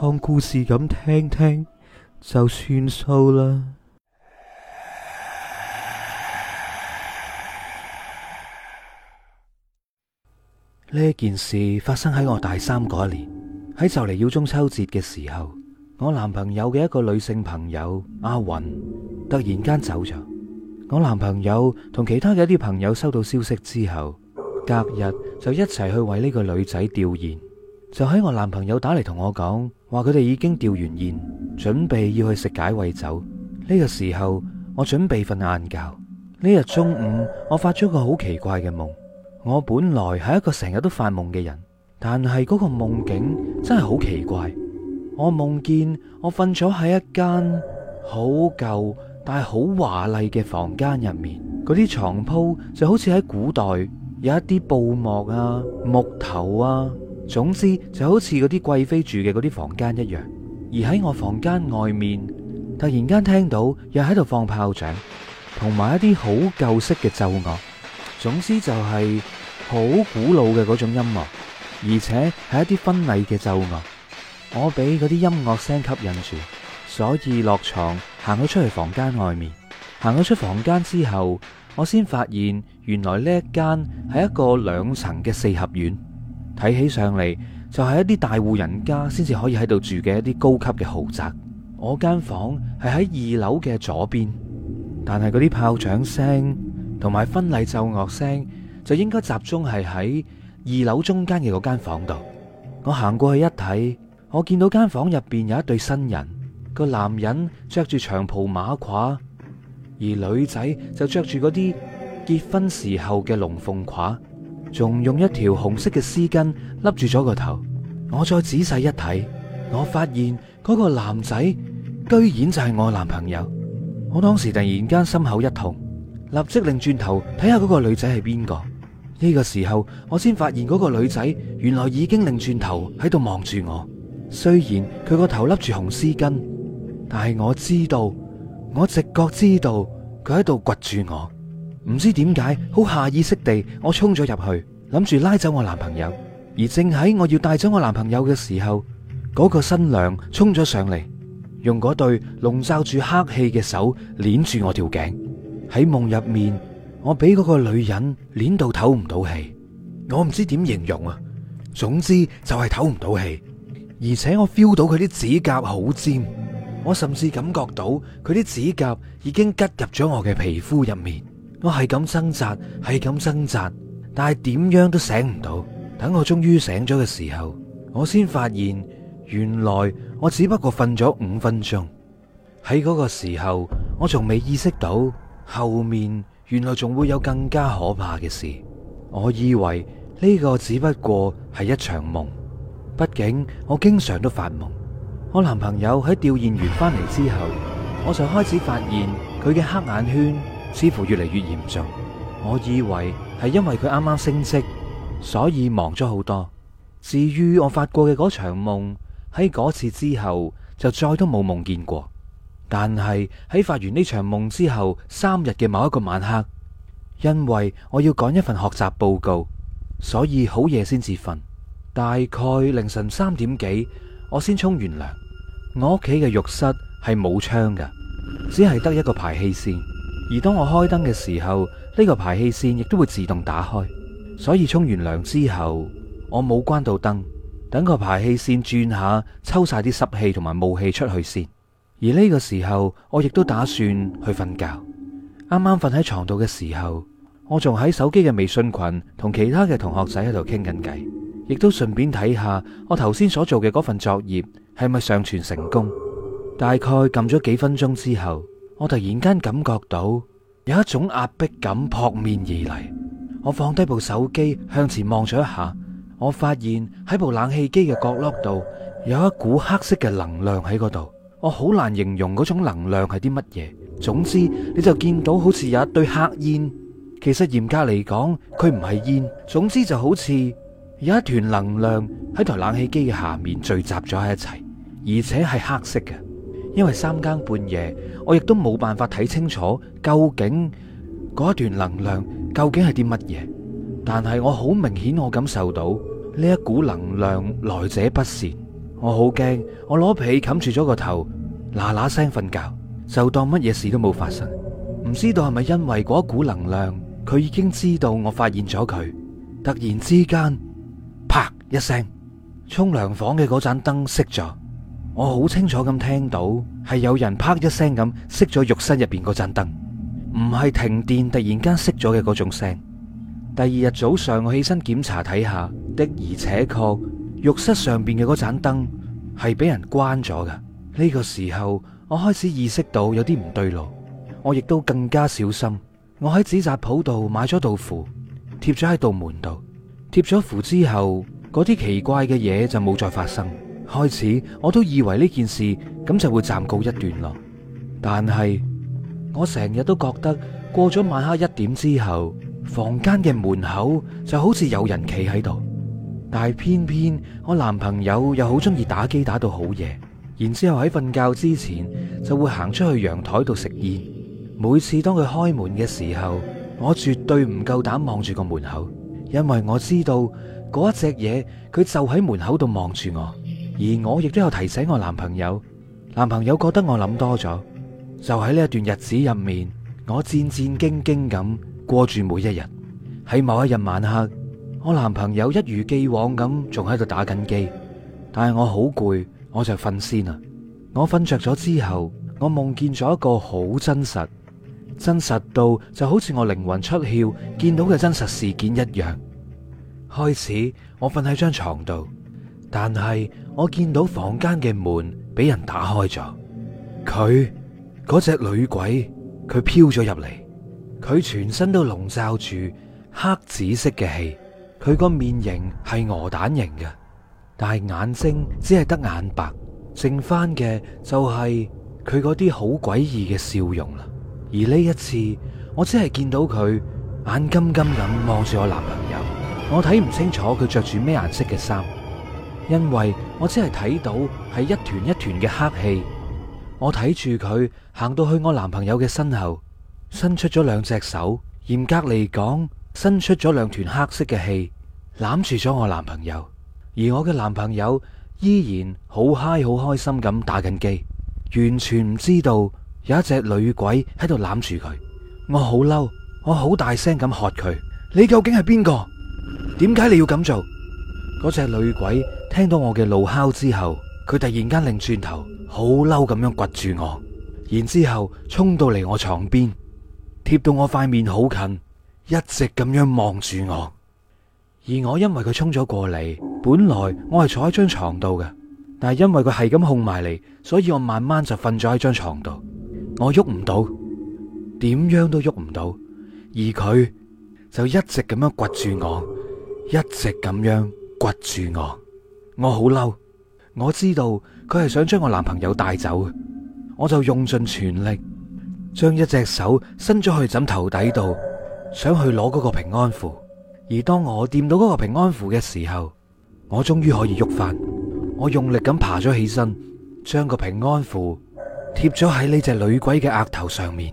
當故事咁聽聽就算數啦。呢件事發生喺我大三嗰一年，喺就嚟要中秋節嘅時候，我男朋友嘅一個女性朋友阿雲突然間走咗。我男朋友同其他嘅一啲朋友收到消息之後，隔日就一齊去為呢個女仔弔唁，就喺我男朋友打嚟同我講。話佢哋已經吊完唁，準備要去食解穢酒。呢個時候，我準備瞓晏覺。呢日中午，我發咗個好奇怪嘅夢。我本來係一個成日都發夢嘅人，但係嗰個夢境真係好奇怪。我夢見我瞓咗喺一間好舊但係好華麗嘅房間入面，嗰啲床鋪就好似喺古代有一啲布幕啊、木頭啊。總之就好似嗰啲貴妃住嘅嗰啲房間一樣，而喺我房間外面突然間聽到又喺度放炮仗，同埋一啲好舊式嘅奏樂，總之就係好古老嘅嗰種音樂，而且係一啲婚禮嘅奏樂。我俾嗰啲音樂聲吸引住，所以落床行咗出去房間外面，行咗出房間之後，我先發現原來呢一間係一個兩層嘅四合院。睇起上嚟就係一啲大戶人家先至可以喺度住嘅一啲高級嘅豪宅。我間房係喺二樓嘅左邊，但係嗰啲炮仗聲同埋婚禮奏樂聲就應該集中係喺二樓中間嘅嗰間房度。我行過去一睇，我見到間房入邊有一對新人，個男人着住長袍馬褂，而女仔就着住嗰啲結婚時候嘅龍鳳褂。仲用一條紅色嘅絲巾笠住咗個頭，我再仔細一睇，我發現嗰個男仔居然就係我男朋友。我當時突然間心口一痛，立即擰轉頭睇下嗰個女仔係邊個。呢個時候，我先發現嗰個女仔原來已經擰轉頭喺度望住我。雖然佢個頭笠住紅絲巾，但係我知道，我直覺知道佢喺度掘住我。唔知點解，好下意識地，我衝咗入去，諗住拉走我男朋友。而正喺我要帶走我男朋友嘅時候，嗰個新娘衝咗上嚟，用嗰對籠罩住黑氣嘅手，捏住我條頸。喺夢入面，我俾嗰個女人捏到唞唔到氣，我唔知點形容啊。總之就係唞唔到氣，而且我 feel 到佢啲指甲好尖，我甚至感覺到佢啲指甲已經吉入咗我嘅皮膚入面。我係咁掙扎，係咁掙扎，但係點樣都醒唔到。等我終於醒咗嘅時候，我先發現原來我只不過瞓咗五分鐘。喺嗰個時候，我仲未意識到後面原來仲會有更加可怕嘅事。我以為呢個只不過係一場夢，畢竟我經常都發夢。我男朋友喺吊唁完翻嚟之後，我就開始發現佢嘅黑眼圈。似乎越嚟越嚴重。我以為係因為佢啱啱升職，所以忙咗好多。至於我發過嘅嗰場夢，喺嗰次之後就再都冇夢見過。但係喺發完呢場夢之後三日嘅某一個晚黑，因為我要趕一份學習報告，所以好夜先至瞓。大概凌晨三點幾，我先沖完涼。我屋企嘅浴室係冇窗嘅，只係得一個排氣扇。而當我開燈嘅時候，呢個排氣扇亦都會自動打開，所以沖完涼之後，我冇關到燈，等個排氣扇轉下，抽晒啲濕氣同埋霧氣出去先。而呢個時候，我亦都打算去瞓覺。啱啱瞓喺床度嘅時候，我仲喺手機嘅微信群同其他嘅同學仔喺度傾緊偈，亦都順便睇下我頭先所做嘅嗰份作業係咪上傳成功。大概撳咗幾分鐘之後。我突然間感覺到有一種壓迫感撲面而嚟，我放低部手機向前望咗一下，我發現喺部冷氣機嘅角落度有一股黑色嘅能量喺嗰度，我好難形容嗰種能量係啲乜嘢。總之你就見到好似有一堆黑煙，其實嚴格嚟講佢唔係煙。總之就好似有一團能量喺台冷氣機嘅下面聚集咗喺一齊，而且係黑色嘅。因為三更半夜，我亦都冇辦法睇清楚究竟嗰一段能量究竟係啲乜嘢。但係我好明顯我感受到呢一股能量來者不善，我好驚，我攞被冚住咗個頭，嗱嗱聲瞓覺，就當乜嘢事都冇發生。唔知道係咪因為嗰股能量，佢已經知道我發現咗佢。突然之間，啪一聲，沖涼房嘅嗰盞燈熄咗。我好清楚咁聽到係有人啪一聲咁熄咗浴室入邊嗰盞燈，唔係停電突然間熄咗嘅嗰種聲。第二日早上我起身檢查睇下，的而且確浴室上邊嘅嗰盞燈係俾人關咗㗎。呢個時候我開始意識到有啲唔對路，我亦都更加小心。我喺紙紮鋪度買咗道符，貼咗喺道門度。貼咗符之後，嗰啲奇怪嘅嘢就冇再發生。開始我都以為呢件事咁就會暫告一段落，但係我成日都覺得過咗晚黑一點之後，房間嘅門口就好似有人企喺度，但係偏偏我男朋友又好中意打機打到好夜，然之後喺瞓覺之前就會行出去陽台度食煙。每次當佢開門嘅時候，我絕對唔夠膽望住個門口，因為我知道嗰一隻嘢佢就喺門口度望住我。而我亦都有提醒我男朋友，男朋友覺得我諗多咗。就喺呢一段日子入面，我戰戰兢兢咁過住每一日。喺某一日晚黑，我男朋友一如既往咁仲喺度打緊機，但係我好攰，我就瞓先啦。我瞓着咗之後，我夢見咗一個好真實，真實到就好似我靈魂出竅見到嘅真實事件一樣。開始，我瞓喺張床度。但係我見到房間嘅門俾人打開咗，佢嗰隻女鬼佢飄咗入嚟，佢全身都籠罩住黑紫色嘅氣，佢個面型係鵝蛋型嘅，但係眼睛只係得眼白，剩翻嘅就係佢嗰啲好詭異嘅笑容啦。而呢一次我只係見到佢眼金金咁望住我男朋友，我睇唔清楚佢着住咩顏色嘅衫。因為我只係睇到係一團一團嘅黑氣，我睇住佢行到去我男朋友嘅身後，伸出咗兩隻手，嚴格嚟講，伸出咗兩團黑色嘅氣攬住咗我男朋友，而我嘅男朋友依然好嗨好開心咁打緊機，完全唔知道有一隻女鬼喺度攬住佢。我好嬲，我好大聲咁喝佢：你究竟係邊個？點解你要咁做？嗰隻女鬼。聽到我嘅怒哮之後，佢突然間擰轉頭，好嬲咁樣掘住我，然之後衝到嚟我床邊，貼到我塊面好近，一直咁樣望住我。而我因為佢衝咗過嚟，本來我係坐喺張床度嘅，但係因為佢係咁控埋嚟，所以我慢慢就瞓咗喺張床度。我喐唔到，點樣都喐唔到，而佢就一直咁樣掘住我，一直咁樣掘住我。我好嬲，我知道佢係想將我男朋友帶走，我就用盡全力將一隻手伸咗去枕頭底度，想去攞嗰個平安符。而當我掂到嗰個平安符嘅時候，我終於可以喐返，我用力咁爬咗起身，將個平安符貼咗喺呢隻女鬼嘅額頭上面。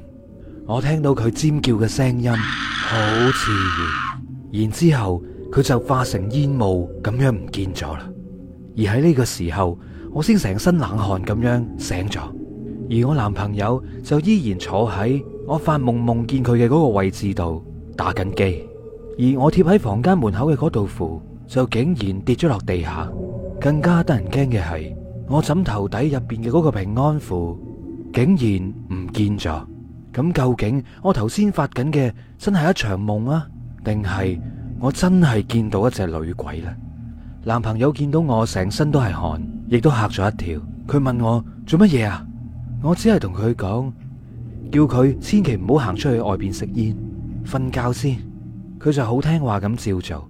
我聽到佢尖叫嘅聲音好刺耳，然之後佢就化成煙霧咁樣唔見咗啦。而喺呢個時候，我先成身冷汗咁樣醒咗，而我男朋友就依然坐喺我發夢夢見佢嘅嗰個位置度打緊機，而我貼喺房間門口嘅嗰道符就竟然跌咗落地下，更加得人驚嘅係我枕頭底入邊嘅嗰個平安符竟然唔見咗。咁究竟我頭先發緊嘅真係一場夢啊，定係我真係見到一隻女鬼呢？男朋友見到我成身都係汗，亦都嚇咗一跳。佢問我做乜嘢啊？我只係同佢講，叫佢千祈唔好行出去外邊食煙、瞓覺先。佢就好聽話咁照做。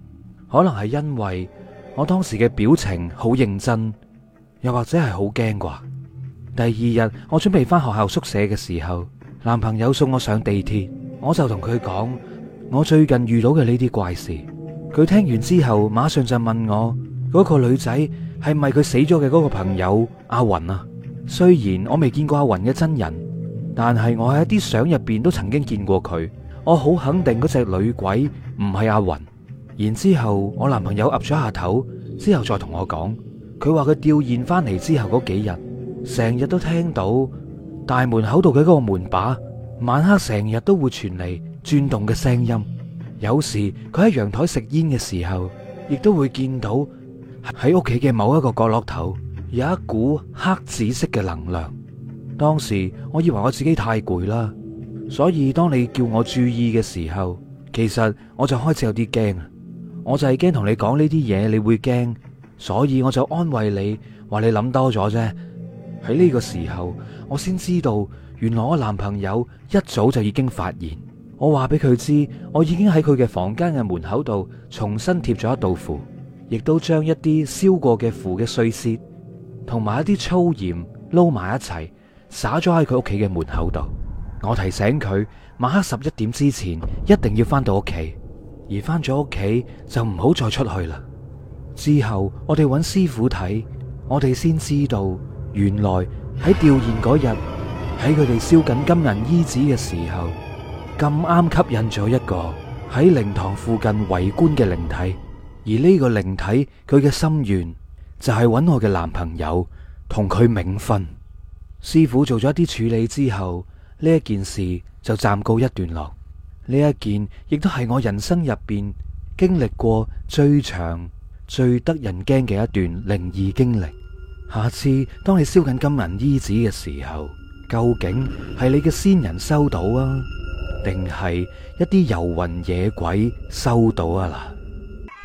可能係因為我當時嘅表情好認真，又或者係好驚啩。第二日我準備返學校宿舍嘅時候，男朋友送我上地鐵，我就同佢講我最近遇到嘅呢啲怪事。佢聽完之後，馬上就問我。嗰個女仔係咪佢死咗嘅嗰個朋友阿雲啊？雖然我未見過阿雲嘅真人，但係我喺啲相入邊都曾經見過佢，我好肯定嗰隻女鬼唔係阿雲。然之後我男朋友岌咗下頭，之後再同我講，佢話佢弔唁翻嚟，之後嗰幾日，成日都聽到大門口度嘅嗰個門把，晚黑成日都會傳嚟轉動嘅聲音。有時佢喺陽台食煙嘅時候，亦都會見到。喺屋企嘅某一個角落頭，有一股黑紫色嘅能量。當時我以為我自己太攰啦，所以當你叫我注意嘅時候，其實我就開始有啲驚。我就係驚同你講呢啲嘢你會驚，所以我就安慰你話你諗多咗啫。喺呢個時候，我先知道原來我男朋友一早就已經發現。我話俾佢知，我已經喺佢嘅房間嘅門口度重新貼咗一道符。亦都將一啲燒過嘅符嘅碎屑，同埋一啲粗鹽撈埋一齊，灑咗喺佢屋企嘅門口度。我提醒佢，晚黑十一點之前一定要返到屋企，而返咗屋企就唔好再出去啦。之後我哋揾師傅睇，我哋先知道，原來喺吊唁嗰日，喺佢哋燒緊金銀衣紙嘅時候，咁啱吸引咗一個喺靈堂附近圍觀嘅靈體。而呢個靈體佢嘅心願就係揾我嘅男朋友同佢冥婚。師傅做咗一啲處理之後，呢一件事就暫告一段落。呢一件亦都係我人生入邊經歷過最長、最得人驚嘅一段靈異經歷。下次當你燒緊金銀衣紙嘅時候，究竟係你嘅先人收到啊，定係一啲遊魂野鬼收到啊嗱？